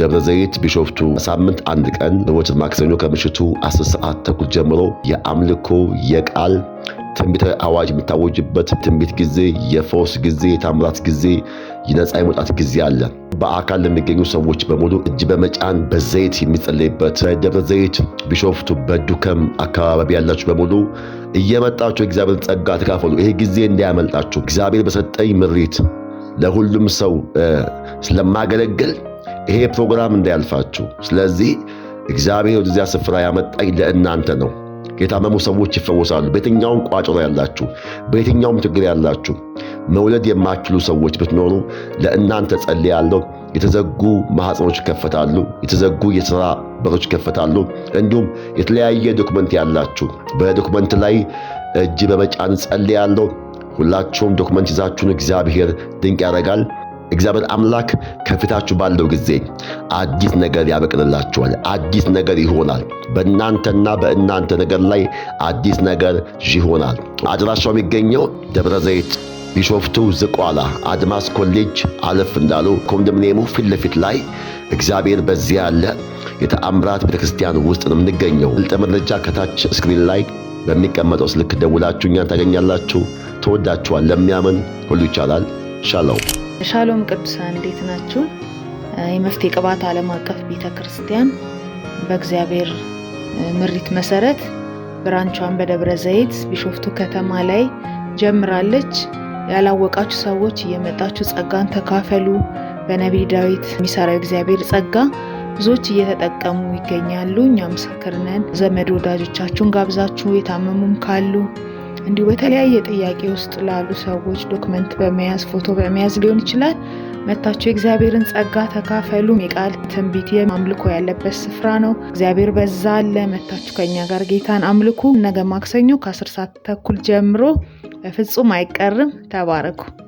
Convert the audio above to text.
ደብረ ዘይት ቢሾፍቱ ሳምንት አንድ ቀን ሮብት ማክሰኞ ከምሽቱ 10 ሰዓት ተኩል ጀምሮ የአምልኮ የቃል ትንቢታዊ አዋጅ የሚታወጅበት ትንቢት ጊዜ፣ የፈውስ ጊዜ፣ የታምራት ጊዜ፣ የነፃ የመውጣት ጊዜ አለ። በአካል ለሚገኙ ሰዎች በሙሉ እጅ በመጫን በዘይት የሚጸለይበት በደብረ ዘይት ቢሾፍቱ በዱከም አካባቢ ያላችሁ በሙሉ እየመጣችሁ እግዚአብሔር ጸጋ ተካፈሉ። ይሄ ጊዜ እንዳያመልጣችሁ። እግዚአብሔር በሰጠኝ ምሪት ለሁሉም ሰው ስለማገለግል ይሄ ፕሮግራም እንዳያልፋችሁ። ስለዚህ እግዚአብሔር ወደዚያ ስፍራ ያመጣኝ ለእናንተ ነው። የታመሙ ሰዎች ይፈወሳሉ። በየትኛውም ቋጭሮ ያላችሁ፣ በየትኛውም ችግር ያላችሁ፣ መውለድ የማትችሉ ሰዎች ብትኖሩ ለእናንተ ጸልያለሁ። የተዘጉ ማኅፀኖች ይከፈታሉ። የተዘጉ የሥራ በሮች ይከፈታሉ። እንዲሁም የተለያየ ዶክመንት ያላችሁ በዶክመንት ላይ እጅ በመጫን ጸልያለሁ። ሁላችሁም ዶክመንት ይዛችሁን እግዚአብሔር ድንቅ ያደርጋል። እግዚአብሔር አምላክ ከፊታችሁ ባለው ጊዜ አዲስ ነገር ያበቅልላችኋል። አዲስ ነገር ይሆናል። በእናንተና በእናንተ ነገር ላይ አዲስ ነገር ይሆናል። አድራሻው የሚገኘው ደብረ ዘይት ቢሾፍቱ ዝቋላ አድማስ ኮሌጅ አለፍ እንዳሉ ኮንዶሚኒየሙ ፊት ለፊት ላይ እግዚአብሔር በዚያ ያለ የተአምራት ቤተክርስቲያን ውስጥ ነው የምንገኘው። ልጠ መረጃ ከታች ስክሪን ላይ በሚቀመጠው ስልክ ደውላችሁ እኛን ታገኛላችሁ። ተወዳችኋል። ለሚያምን ሁሉ ይቻላል። ሻለው ሻሎም ቅዱሳን እንዴት ናችሁ? የመፍትሄ ቅባት ዓለም አቀፍ ቤተ ክርስቲያን በእግዚአብሔር ምሪት መሰረት ብራንቿን በደብረ ዘይት ቢሾፍቱ ከተማ ላይ ጀምራለች። ያላወቃችሁ ሰዎች እየመጣችሁ ጸጋን ተካፈሉ። በነቢይ ዳዊት የሚሰራው እግዚአብሔር ጸጋ ብዙዎች እየተጠቀሙ ይገኛሉ። እኛ ምስክር ነን። ዘመድ ወዳጆቻችሁን ጋብዛችሁ የታመሙም ካሉ እንዲሁ በተለያየ ጥያቄ ውስጥ ላሉ ሰዎች ዶክመንት በመያዝ ፎቶ በመያዝ ሊሆን ይችላል መታቸው የእግዚአብሔርን ጸጋ ተካፈሉ። የቃል ትንቢት አምልኮ ያለበት ስፍራ ነው። እግዚአብሔር በዛ አለ። መታችሁ ከኛ ጋር ጌታን አምልኩ። ነገ ማክሰኞ ከአስር ሰዓት ተኩል ጀምሮ በፍጹም አይቀርም። ተባረኩ።